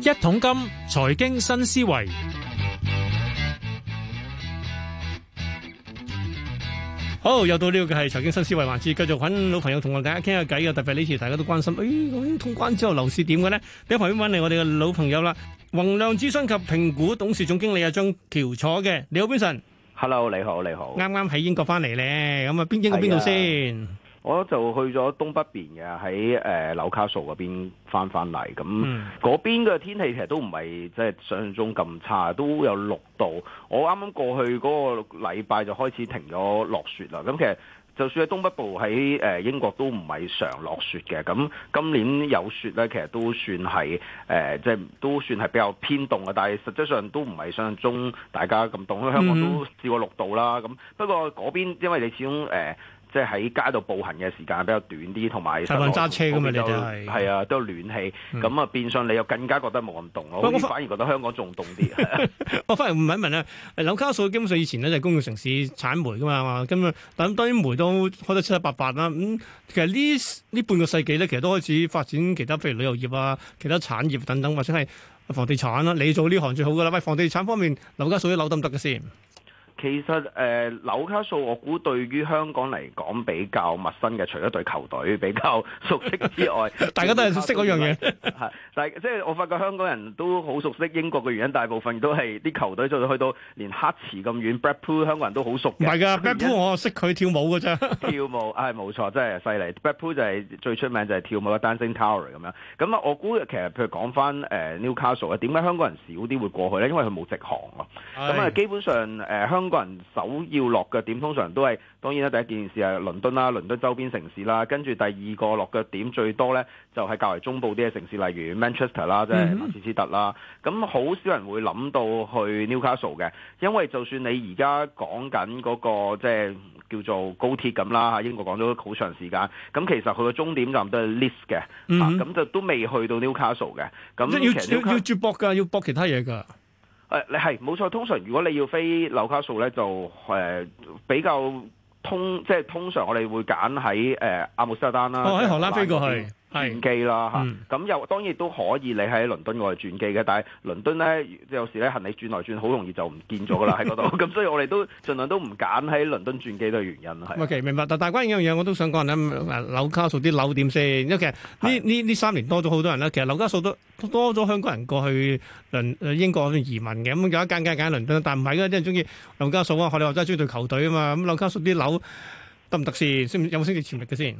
一桶金財經新思維，好又到呢個係財經新思維環節，繼續揾老朋友同我大家傾下偈啊！特別呢次大家都關心，誒，咁通關之後樓市點嘅咧？喺旁邊揾嚟我哋嘅老朋友啦，宏亮諮詢及評估董事總經理阿張翹楚嘅，你好，Vincent，Hello，你好，你好，啱啱喺英國翻嚟咧，咁啊，邊英國邊度先？我就去咗東北邊嘅，喺誒、呃、紐卡素嗰邊翻翻嚟，咁嗰、mm. 邊嘅天氣其實都唔係即係想象中咁差，都有六度。我啱啱過去嗰個禮拜就開始停咗落雪啦。咁其實就算喺東北部喺誒、呃、英國都唔係常落雪嘅。咁今年有雪咧，其實都算係誒、呃，即係都算係比較偏凍嘅。但係實際上都唔係想象中大家咁凍，香港都試過六度啦。咁不過嗰邊因為你始終誒。呃即係喺街度步行嘅時間比較短啲，同埋係咪揸車嘅嘛？就你就係啊，都有暖氣咁啊，嗯、變相你又更加覺得冇咁凍咯。我反，反而覺得香港仲凍啲。 的 我反而問一問咧，紐卡素基本上以前呢就工業城市產煤嘅嘛嘛，咁啊，但係當然煤都開得七七八八啦。咁、嗯、其實呢呢半個世紀咧，其實都開始發展其他，譬如旅遊業啊、其他產業等等，或者係房地產啦。你做呢行最好嘅啦。喂，房地產方面，紐卡素啲樓得唔得嘅先？其實誒紐卡素，我估對於香港嚟講比較陌生嘅，除咗對球隊比較熟悉之外， 大家都係識嗰樣嘢。係，但係即係我發覺香港人都好熟悉英國嘅原因，大部分都係啲球隊就算去到連黑池咁遠，Blackpool 香港人都好熟。唔係㗎，Blackpool 我，我識佢跳舞㗎啫以。跳舞係冇、哎、錯，真係犀利。Blackpool 就係最出名就係跳舞嘅 Dancing Tower 咁樣。咁啊，我估其實譬如講翻誒紐卡素啊，點解香港人少啲會過去呢？因為佢冇直航啊。咁啊，基本上誒香。中國人首要落腳點，通常都係當然啦。第一件事係倫敦啦，倫敦周邊城市啦，跟住第二個落腳點最多咧，就係、是、較為中部啲嘅城市，例如 Manchester 啦，mm hmm. 即係曼徹斯特啦。咁好少人會諗到去 Newcastle 嘅，因為就算你而家講緊嗰個即係叫做高鐵咁啦，嚇英國講咗好長時間，咁其實佢嘅終點站都係 Lis 嘅，咁、mm hmm. 啊、就都未去到 Newcastle 嘅。咁要要要接駁嘅，要駁其他嘢嘅。誒你係冇錯，通常如果你要飛紐卡素咧，就誒、呃、比較通，即係通常我哋會揀喺誒阿姆斯特丹啦。哦，喺荷蘭飛過去。 轉機啦嚇，咁又當然都可以你喺倫敦外轉機嘅，但係倫敦咧有時咧行李轉來轉好容易就唔見咗噶啦喺嗰度，咁所以我哋都儘量都唔揀喺倫敦轉機嘅原因係。OK 明白，但係關於呢樣嘢我都想講咧，紐卡素啲樓點先？因為其實呢呢呢三年多咗好多人啦，其實紐卡素都多咗香港人過去倫英國移民嘅，咁有一間間揀倫敦，但唔係㗎，啲人中意紐卡素啊，學你話齋中意對球隊啊嘛，咁紐卡素啲樓得唔得先？有冇升值潛力嘅先？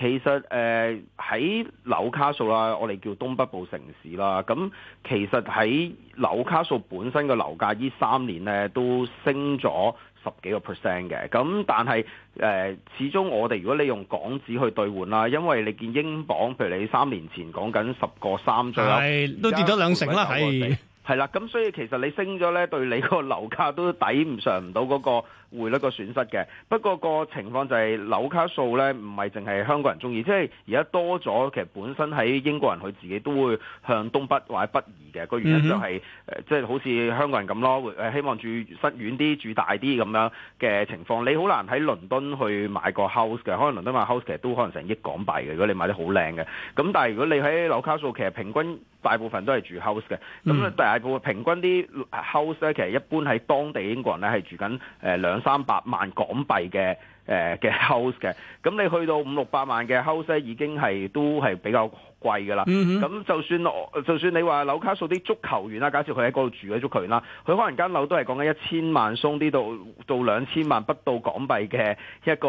其實誒喺、呃、紐卡素啦，我哋叫東北部城市啦。咁其實喺紐卡素本身嘅樓價呢三年呢都升咗十幾個 percent 嘅。咁但係誒、呃，始終我哋如果你用港紙去兌換啦，因為你見英鎊，譬如你三年前講緊十個三張，係都跌咗兩成啦，係。係啦，咁所以其實你升咗呢，對你個樓價都抵唔上唔到嗰個匯率個損失嘅。不過個情況就係樓卡數呢，唔係淨係香港人中意，即係而家多咗。其實本身喺英國人佢自己都會向東北或者北移嘅。個原因就係即係好似香港人咁咯，希望住室遠啲、住大啲咁樣嘅情況。你好難喺倫敦去買個 house 嘅，可能倫敦買 house 其實都可能成億港幣嘅。如果你買啲好靚嘅，咁但係如果你喺樓卡數，其實平均大部分都係住 house 嘅。咁但係。平均啲 house 咧，其實一般喺當地英國人咧，係住緊誒兩三百萬港幣嘅。誒嘅 house 嘅，咁你去到五六百萬嘅 house 咧，已經係都係比較貴㗎啦。咁、嗯、哼就算就算你話紐卡素啲足球員啦，假設佢喺嗰度住嘅足球員啦，佢可能間樓都係講緊一千萬鬆啲度到，到兩千萬不到港幣嘅一個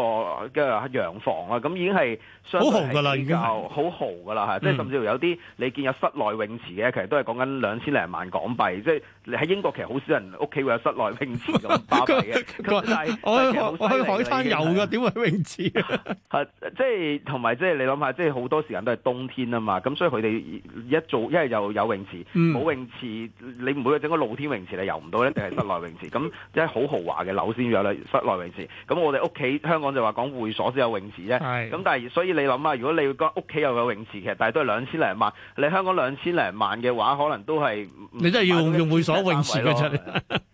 嘅洋房啊，咁已經係相對係比較好、嗯、豪㗎啦嚇，即係甚至乎有啲你見有室內泳池嘅，其實都係講緊兩千零萬港幣，即係。你喺英國其實好少人屋企會有室內泳池咁包閉嘅， 他但是我去但我去海灘遊㗎，點會泳池？係即係同埋即係你諗下，即係好多時間都係冬天啊嘛，咁所以佢哋一做因係又有泳池，冇、嗯、泳池你唔會整個露天泳池，你游唔到，一定係室內泳池。咁即係好豪華嘅樓先有咧室內泳池。咁我哋屋企香港就話講會所先有泳池啫。咁的但係所以你諗下，如果你屋企又有泳池，其實但係都係兩千零萬。你香港兩千零萬嘅話，可能都係你真係要用用泳池嘅啫，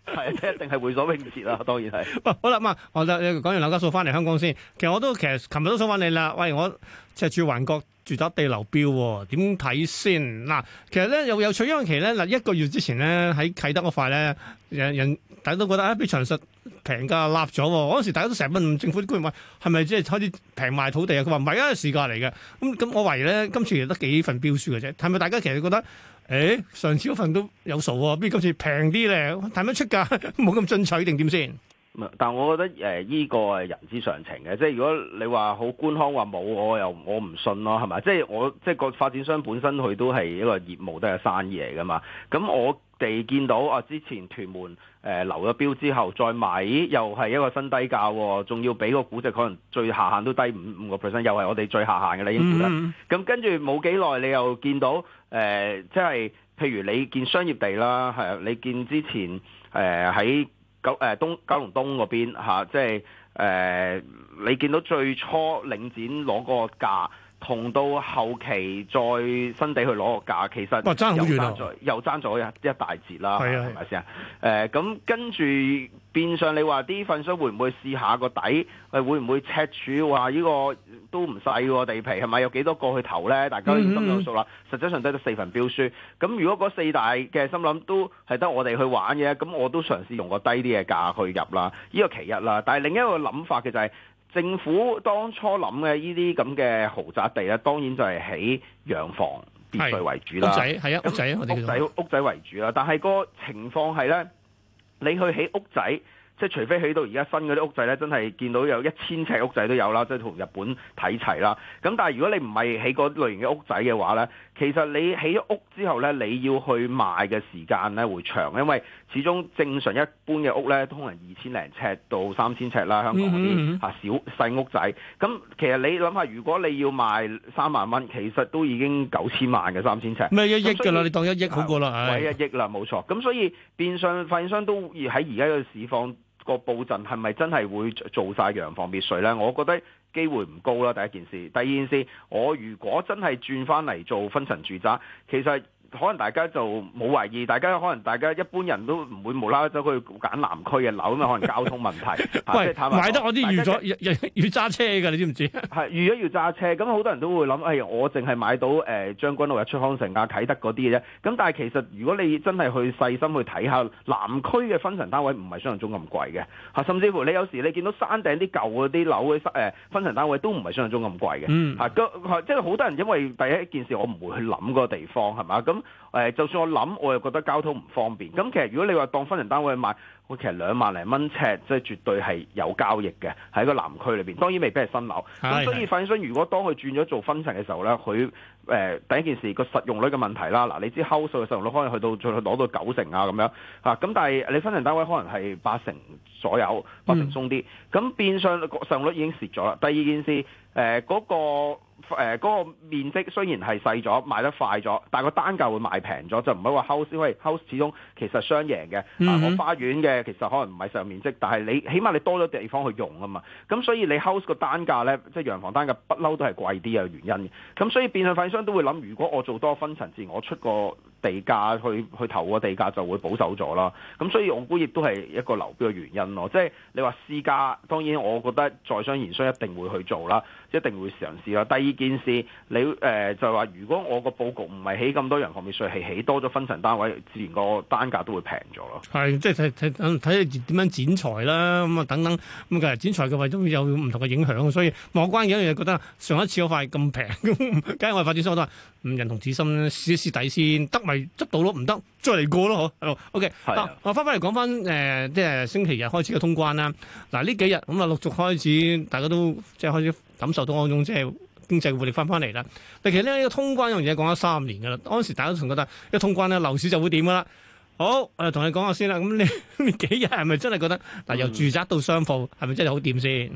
係一定係會所泳池啊！當然係。 好啦，咁啊，我就你講完梁家樹翻嚟香港先。其實我都其實琴日都想揾你啦。喂，我赤柱環角住宅地流標，點睇先？嗱，其實咧又有取因期其咧嗱一個月之前咧喺啟德嗰塊咧，人人大家都覺得啊，比長實平價立咗。嗰時大家都成日問政府啲官員，係咪即係開始平賣土地啊？佢話唔係啊，市價嚟嘅。咁、嗯、咁、嗯，我懷疑咧，今次亦得幾份標書嘅啫。係咪大家其實覺得？誒、欸、上次嗰份都有數喎，邊今次平啲咧？睇得出㗎？冇 咁進取定點先？但係我覺得誒依、呃、呢個係人之常情嘅，即係如果你話好官腔話冇，我又我唔信咯，係咪？即係我即係個發展商本身佢都係一個業務都係生意嚟㗎嘛，咁我。地見到啊，之前屯門誒流咗標之後再買又係一個新低價，仲、哦、要俾個估值可能最下限都低五五個 percent，又係我哋最下限嘅啦，應付啦。咁、mm hmm. 跟住冇幾耐，你又見到誒，即、呃、係譬如你見商業地啦，係你見之前誒喺、呃、九誒、呃、東九龍東嗰邊、啊、即係誒、呃、你見到最初領展攞嗰個價。同到後期再新地去攞個價，其實又爭咗、哦、又爭咗一一大截啦，係咪先？誒吧，咁跟住變相你話啲份書會唔會試下個底？誒、嗯，會唔會赤柱？話呢個都唔細地皮係咪？有幾多過去投呢？大家心有數啦。實際上得咗四份標書，咁、嗯嗯、如果嗰四大嘅心諗都係得我哋去玩嘅，咁我都嘗試用個低啲嘅價去入啦。呢個其一啦，但係另一個諗法嘅就係、是。政府當初諗嘅呢啲咁嘅豪宅地咧，當然就係起洋房別墅為主啦。屋仔係啊，屋仔屋仔屋仔為主啦。但係個情況係咧，你去起屋仔。即係除非起到而家新嗰啲屋仔咧，真係見到有一千尺屋仔都有啦，即係同日本睇齊啦。咁但係如果你唔係起嗰類型嘅屋仔嘅話咧，其實你起屋之後咧，你要去賣嘅時間咧會長，因為始終正常一般嘅屋咧，通常二千零尺到三千尺啦，香港嗰啲吓小細、嗯嗯嗯啊、屋仔。咁其實你諗下，如果你要賣三萬蚊，其實都已經九千萬嘅三千尺。咩一億㗎啦？你當一億好過啦，係、呃、一億啦，冇錯。咁的所以，所以變相發展商都喺而家嘅市況。個布陣係咪真係會做晒洋房別墅咧？我覺得機會唔高啦。第一件事，第二件事，我如果真係轉翻嚟做分層住宅，其實。可能大家就冇懷疑，大家可能大家一般人都唔會無啦啦走去揀南區嘅樓啊，可能交通問題。唔買得我啲預咗要揸車嘅，你知唔知？係預咗要揸車，咁好多人都會諗，係、哎、我淨係買到誒、欸、將軍澳、啊、出康城啊、啟德嗰啲啫。咁但係其實如果你真係去細心去睇下，南區嘅分層單位唔係想像中咁貴嘅，嚇、啊、甚至乎你有時你見到山頂啲舊嗰啲樓嘅分層單位都唔係想像中咁貴嘅。即係好多人因為第一件事我唔會去諗嗰個地方係嘛咁。誒，就算我諗，我又覺得交通唔方便。咁其實如果你話當分人單位去買。我其實兩萬零蚊尺，即係絕對係有交易嘅，喺個南區裏邊。當然未必係新樓。咁是的 所以反相，是的 如果當佢轉咗做分層嘅時候呢，佢誒、呃、第一件事個實用率嘅問題啦。嗱，你知 house 嘅實用率可能去到最攞到九成啊咁樣嚇。咁、啊、但係你分層單位可能係八成左右，八成鬆啲。咁、嗯、變相實用率已經蝕咗啦。第二件事誒嗰、呃嗰個誒、呃嗰個、面積雖然係細咗，賣得快咗，但係個單價會賣平咗，就唔係話 house 先可，house 始終其實雙贏嘅，我花園嘅。Mm。其實可能唔係上面積，但係你起碼你多咗地方去用啊嘛，咁所以你 house 個單價咧，即係洋房單價不嬲都係貴啲嘅原因，咁所以變相發展商都會諗，如果我做多分層次，我出個。地價去去投個地價就會保守咗啦，咁所以我估亦都係一個流標嘅原因咯。即係你話私家，當然我覺得在商言商一定會去做啦，一定會嘗試啦。第二件事，你誒就係話，如果我個佈局唔係起咁多人行面稅，係起多咗分層單位，自然個單價都會平咗咯。係即係睇睇睇睇點樣剪裁啦，咁啊等等咁其實剪裁嘅話都會有唔同嘅影響，所以望關嘅一樣嘢覺得上一次嗰塊咁平，咁梗係我哋發展商都話唔人同此心試一，試一試底先得。咪執到咯，唔得，再嚟過咯嗬。OK，嗱，我翻翻嚟講翻，誒、呃，即係星期日開始嘅通關啦。嗱，呢幾日咁啊，陸、嗯、續開始，大家都即係開始感受到嗰種即係經濟活力翻翻嚟啦。但其實呢、這個通關嘅嘢講咗三年噶啦，當時大家都仲覺得，一、這個、通關咧樓市就會點噶啦。好，我同你講下先啦。咁、啊、呢幾日係咪真係覺得嗱、啊？由住宅到商鋪，係咪、嗯、真係好掂先？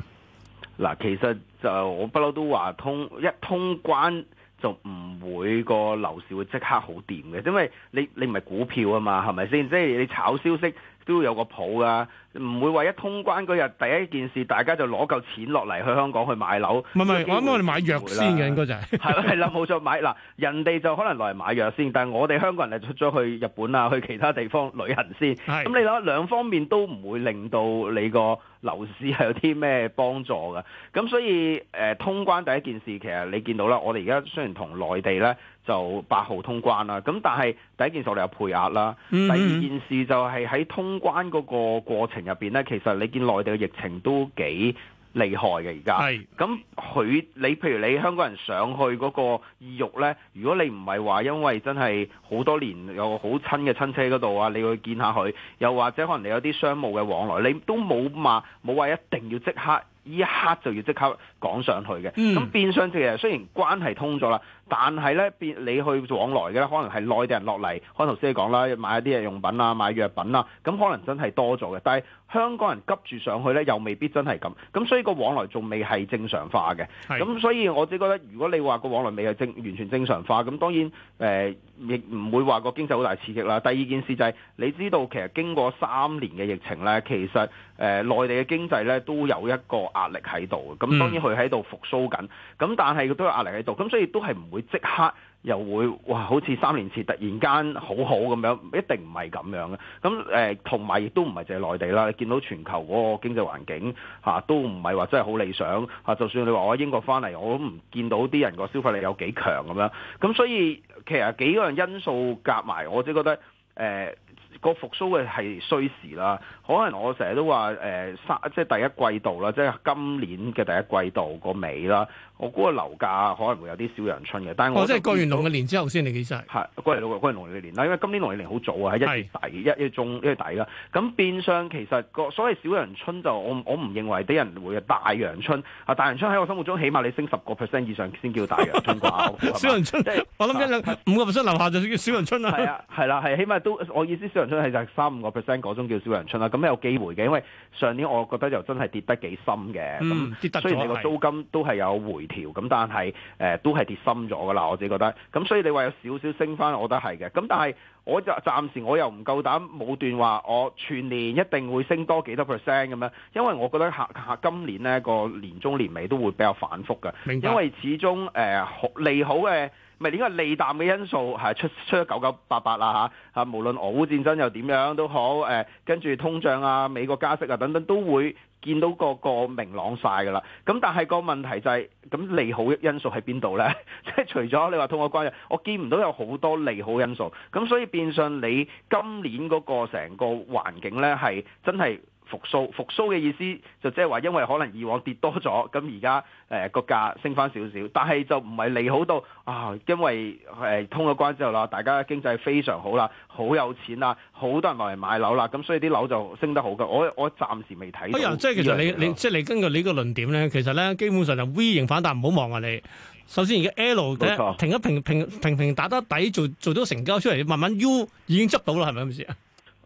嗱、啊，其實就我不嬲都話通一通關就唔。每個樓市會即刻好掂嘅，因為你你唔係股票啊嘛，係咪先？即係你炒消息都要有個譜㗎，唔會話一通關嗰日第一件事大家就攞夠錢落嚟去香港去買樓。唔係是我諗我哋買藥先嘅，應該就係係啦，冇 錯，買喇，人哋就可能落嚟買藥先，但係我哋香港人就出咗去日本啊，去其他地方旅行先。咁是你睇兩方面都唔會令到你個。樓市係有啲咩幫助嘅？咁所以誒、呃，通關第一件事，其實你見到啦，我哋而家雖然同內地呢就八號通關啦，咁但係第一件事我哋有配額啦，第二件事就係喺通關嗰個過程入邊呢，其實你見內地嘅疫情都幾厲害嘅而家，咁佢是你譬如你香港人上去嗰個意欲呢？如果你唔係話因為真係好多年有好親嘅親戚嗰度啊，你去見下佢，又或者可能你有啲商務嘅往來，你都冇嘛冇話一定要即刻呢一刻就要即刻趕上去嘅。咁、嗯、變相其實雖然關係通咗啦。但係咧，別你去往來嘅咧，可能係內地人落嚟，開頭先你講啦，買一啲日用品啊，買藥品啦，咁可能真係多咗嘅。但係香港人急住上去咧，又未必真係咁。咁所以個往來仲未係正常化嘅。咁所以我自己覺得，如果你話個往來未係正完全正常化，咁當然誒亦唔會話個經濟好大刺激啦。第二件事就係、是、你知道，其實經過三年嘅疫情咧，其實誒內、呃、地嘅經濟咧都有一個壓力喺度，咁當然佢喺度復甦緊，咁、嗯、但係佢都有壓力喺度，咁所以都係唔會即刻又會哇，好似三年前突然間好好咁樣，一定唔係咁樣嘅。咁誒，同埋亦都唔係淨係內地啦。你見到全球嗰個經濟環境嚇、啊，都唔係話真係好理想嚇、啊。就算你話我喺英國翻嚟，我都唔見到啲人個消費力有幾強咁樣。咁所以其實幾樣因素夾埋，我只覺得誒。呃個復甦嘅係需時啦，可能我成日都話誒三，即係第一季度啦，即係今年嘅第一季度個尾啦，我估個樓價可能會有啲小陽春嘅。但係我、哦、即係過完農曆年之後先嚟嘅晒。係過嚟到過完農曆年啦，因為今年農曆年好早啊，喺一月底是一月中，一月底，一中，一月底啦。咁變相其實個所謂小陽春就我我唔認為畀人會大陽春啊！大陽春喺我心目中，起碼你升十個 percent 以上先叫大陽春啩？ 吧小陽春我諗一兩五個 percent 樓下就叫小陽春啦。係啊，係啦，係起碼都我意思春係就係三五個 percent 嗰種叫小陽春啦，咁有機會嘅，因為上年我覺得又真係跌得幾深嘅，咁雖然你個租金都係有回調，咁但係誒、呃、都係跌深咗噶啦，我自己覺得，咁所以你話有少少升翻，我覺得係嘅，咁但係我就暫時我又唔夠膽武斷話，我全年一定會升多幾多 percent 咁樣，因為我覺得下下，下今年呢個年中年尾都會比較反覆嘅，因為始終誒、呃、好利好嘅。咪呢個利淡嘅因素係出出咗九九八八啦嚇，啊無論俄烏戰爭又點樣都好，誒跟住通脹啊、美國加息啊等等，都會見到個個明朗晒㗎啦。咁但係個問題就係、是，咁利好因素喺邊度呢？即 係除咗你話通關，我見唔到有好多利好因素。咁所以變相你今年嗰個成個環境呢，係真係。復蘇，復蘇嘅意思就即係話，因為可能以往跌多咗，咁而家誒個價升翻少少，但係就唔係利好到啊，因為誒、呃、通咗關之後啦，大家經濟非常好啦，好有錢啦，好多人落嚟買樓啦，咁所以啲樓就升得好㗎。我我暫時未睇到、哎。即係其實你這樣 你即係你根據你個論點咧，其實咧基本上就 V 型反彈，唔好望啊你。首先而家 L 沒錯 停一平平平平打得底，做做到成交出嚟，慢慢 U 已經執到啦，係咪咁回事啊？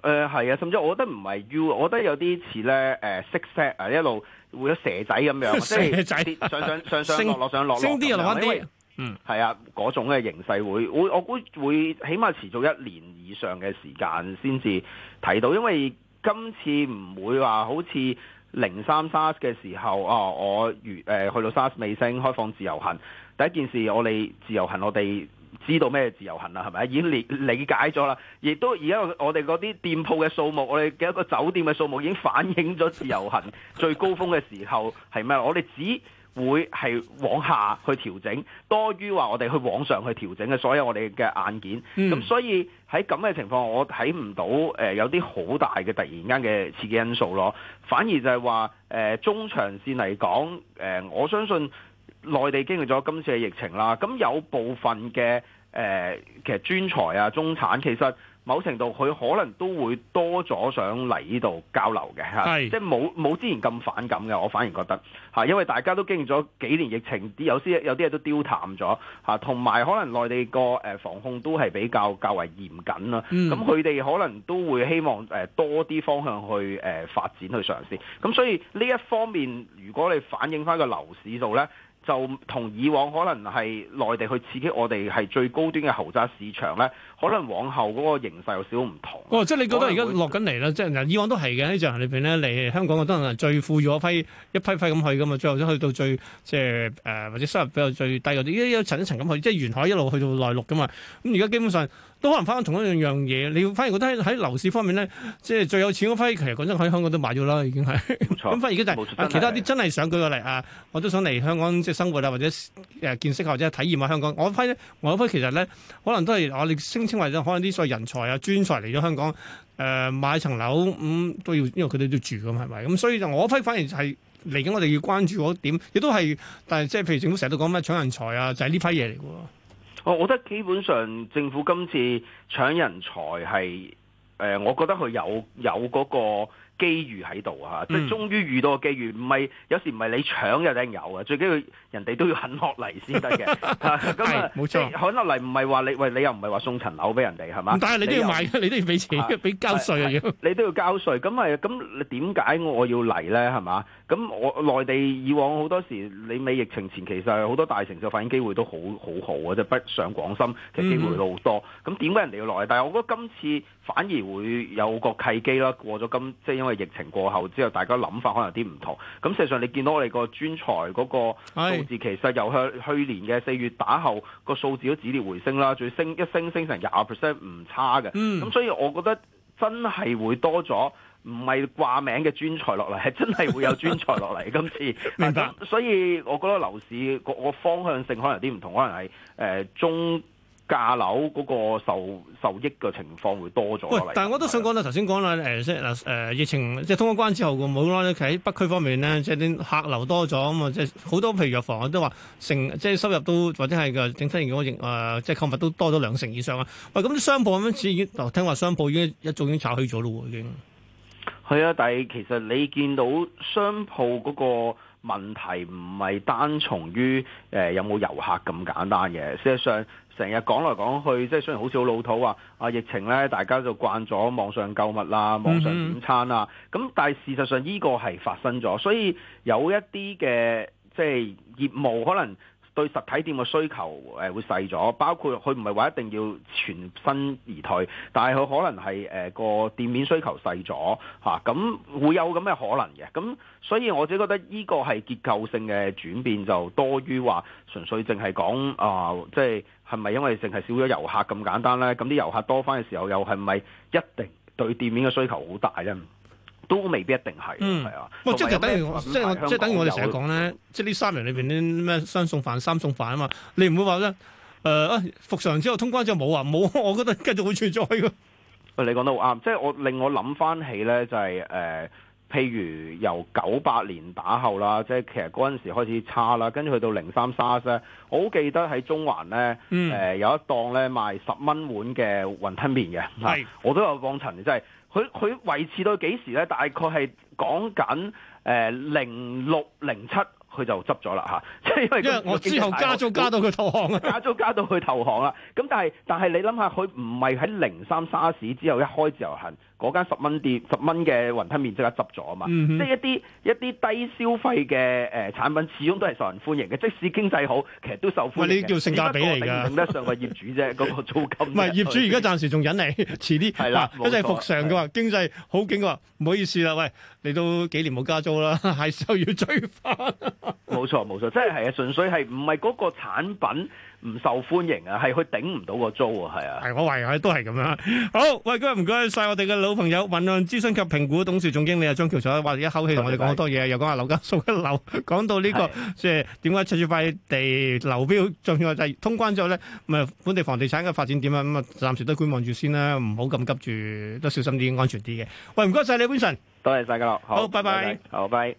誒係啊，甚至我覺得唔係 U，我覺得有啲似咧誒 six set 啊，一路換咗蛇仔咁樣，即係上上上上落落上落，升啲又落啲。嗯，係啊，嗰種嘅形勢會會，我估會起碼持續一年以上嘅時間先至睇到，因為今次唔會話好似零三 SARS 嘅時候啊，我如誒去到 SARS 尾聲開放自由行，第一件事我哋自由行我哋。知道咩自由行啦，係咪已經理解咗啦？亦都而家我哋嗰啲店鋪嘅數目，我哋嘅一個酒店嘅數目已經反映咗自由行最高峰嘅時候係咩？我哋只會係往下去調整，多於話我哋去往上去調整嘅所有我哋嘅硬件。咁所以喺咁嘅情況，我睇唔到誒、呃、有啲好大嘅突然間嘅刺激因素咯。反而就係話誒中長線嚟講，誒、呃、我相信。內地經歷咗今次嘅疫情啦，咁有部分嘅誒、呃，其實專才啊、中產，其實某程度佢可能都會多咗想嚟呢度交流嘅嚇是、啊，即係冇冇之前咁反感嘅。我反而覺得嚇、啊，因為大家都經歷咗幾年疫情，啲有啲有啲嘢都丟淡咗嚇，同、啊、埋可能內地個誒、呃、防控都係比較比較為嚴謹啦。咁佢哋可能都會希望誒多啲方向去誒、呃、發展去嘗試。咁所以呢一方面，如果你反映翻個樓市度呢。就同以往可能係內地去刺激我哋係最高端嘅豪宅市場咧，可能往後嗰個形勢有少少唔同。哦，即係你覺得而家落緊嚟啦，即係嗱，以往都係嘅呢進行裏邊咧，嚟香港，我都可能最富裕一批一批批咁去㗎嘛，最後都去到最即係誒或者收入比較最低嗰啲一層一層咁去，即係沿海一路去到內陸㗎嘛。咁而家基本上。都可能翻返同一樣嘢，你反而覺得喺喺樓市方面咧，即係最有錢嗰批，其實講真喺香港都買咗啦，已經係。咁錯 反而而家就係、其他啲真係想舉個例啊，我都想嚟香港即係生活啊，或者誒見識或者體驗下香港。我批呢我批其實咧，可能都係我哋聲稱為可能啲所謂人才啊、專才嚟咗香港誒、呃、買層樓咁、嗯、都要，因為佢哋都住咁係咪？咁所以就我批反而係嚟緊，我哋要關注嗰點，亦都係，但係即係譬如政府成日都講咩搶人才啊，就係、是、呢批嘢嚟㗎喎。我覺得基本上政府今次搶人才係，我覺得佢有有嗰個。機遇喺度啊！即係終於遇到個機遇，唔係有時唔係你搶就一定有啊。最緊要人哋都要肯落嚟先得嘅。係冇錯，肯落嚟唔係話你,你喂，你又唔係話送層樓俾人哋係嘛？但係你都要買，你都要俾錢，俾、uh, 交稅又要，uh, 在你都要交稅。咁係咁，你點解我要嚟咧？係嘛？咁我內地以往好多時，你未疫情前，其實好多大城市發展機會都好,好好好啊，即係，北上廣深嘅機會都好多。咁點解人哋要嚟？但係我覺得今次反而會有個契機啦，過咗咁即因為疫情過後之後，大家諗法可能有啲唔同。咁事實上，你見到我哋個專才嗰個數字，是其實由去年嘅四月打後，個數字都止跌回升啦，再升一升，升成廿%唔差嘅。咁、嗯、所以我覺得真係會多咗，唔係掛名嘅專才落嚟，係真係會有專才落嚟。 今次明白、啊、所以我覺得樓市個方向性可能有啲唔同，可能係誒、呃、中。架樓嗰個受受益嘅情況會多咗。喂，但係我都想講啦，頭先講啦，誒，即係誒，疫情即係通咗關之後，冇啦，喺北區方面呢，即係啲客流多咗啊嘛，即係好多譬如藥房都話成，即係收入都或者係嘅整體營業額誒，即係購物都多咗兩成以上啊。喂，咁啲商鋪咁樣鋪，已已，已經，我聽話商鋪已經一早已經炒起咗咯，已經。係啊，但係其實你見到商鋪嗰個問題唔係單從於誒有冇遊客咁簡單嘅，事實上。成日講來講去，即係雖然好似好老土話，啊疫情咧，大家就慣咗網上購物啦，網上點餐啊，咁但係事實上依個係發生咗，所以有一啲嘅即係業務可能。對實體店嘅需求誒會細咗，包括佢唔係話一定要全身而退，但係佢可能係誒個店面需求細咗吓，咁、啊、會有咁嘅可能嘅，咁、啊、所以我自己覺得呢個係結構性嘅轉變，就多於話純粹淨係講啊，即係係咪因為淨係少咗遊客咁簡單呢？咁啲遊客多返嘅時候，又係咪一定對店面嘅需求好大呢？都未必一定係，係啊，嗯！即係就等於我，香港 即係即係等於我哋成日講咧，有即係呢三人裏邊啲咩雙送飯、三送飯啊嘛！你唔會話咧，誒、呃、復常之後，通關之後冇啊？冇，我覺得繼續會存在嘅。你講得好啱，即係我令我諗翻起咧，就係、是、誒。呃譬如由九八年打後啦，即係其實陣時開始差啦，跟住去到零三 SARS 咧，我好記得喺中環咧，誒、嗯呃、有一檔咧賣十蚊碗嘅雲吞麵嘅，係我都有幫襯嘅，即係佢佢維持到幾時咧？大概係講緊誒零六零七。呃0 6, 0佢就執咗啦嚇，即係 因為我之後加租加到佢投降， 加租加到佢投降啦。咁但係但係你諗下，佢唔係喺零三沙士之後一開自由行嗰間十蚊店、十蚊嘅雲吞麵即刻執咗啊嘛。嗯、哼即係一啲一啲低消費嘅誒、呃、產品，始終都係受人歡迎嘅。即使經濟好，其實都受歡迎。喂，你叫性價比嚟㗎，並唔得上個業主啫。嗰 個租金唔係業主，而家暫時仲忍你，遲啲係啦，佢真係復常嘅話。經濟好勁嘅話，唔好意思啦，喂，你都幾年冇加租啦，係時候要追翻。冇錯冇錯，真係係啊，純粹係唔係嗰個產品唔受歡迎啊，係佢頂唔到個租啊，係啊，係我話嘅都係咁樣。好，喂，今日唔該晒我哋嘅老朋友，銀行諮詢及評估董事總經理啊張翹楚，話一口氣同我哋講好多嘢，拜拜又講下樓價數一樓，講到呢個即係點解赤柱快地流標，最重要就係通關之後咧，咪本地房地產嘅發展點啊，咁啊暫時都觀望住先啦，唔好咁急住，都小心啲，安全啲嘅。喂，唔該晒你，潘神，多謝晒噶，好，好拜拜，好，拜。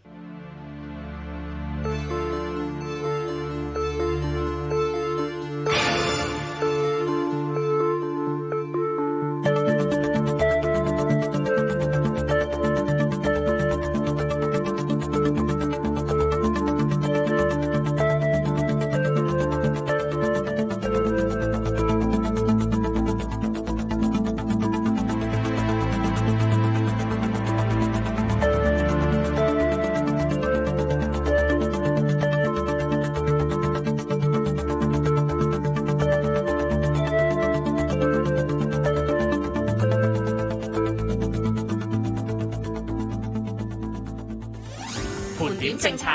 政策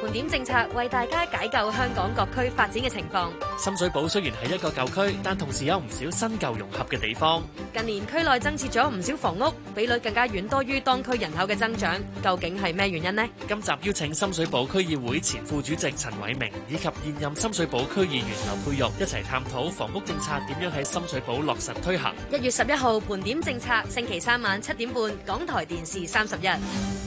盤點政策為大家解救香港各區發展嘅情況。深水埗雖然係一個舊區，但同時有唔少新舊融合嘅地方。近年區內增設咗唔少房屋，比率更加遠多於當區人口嘅增長。究竟係咩原因呢？今集邀請深水埗區議會前副主席陳偉明以及現任深水埗區議員劉佩玉一齊探討房屋政策點樣喺深水埗落實推行。一月十一號盤點政策，星期三晚七點半，港台電視三十一。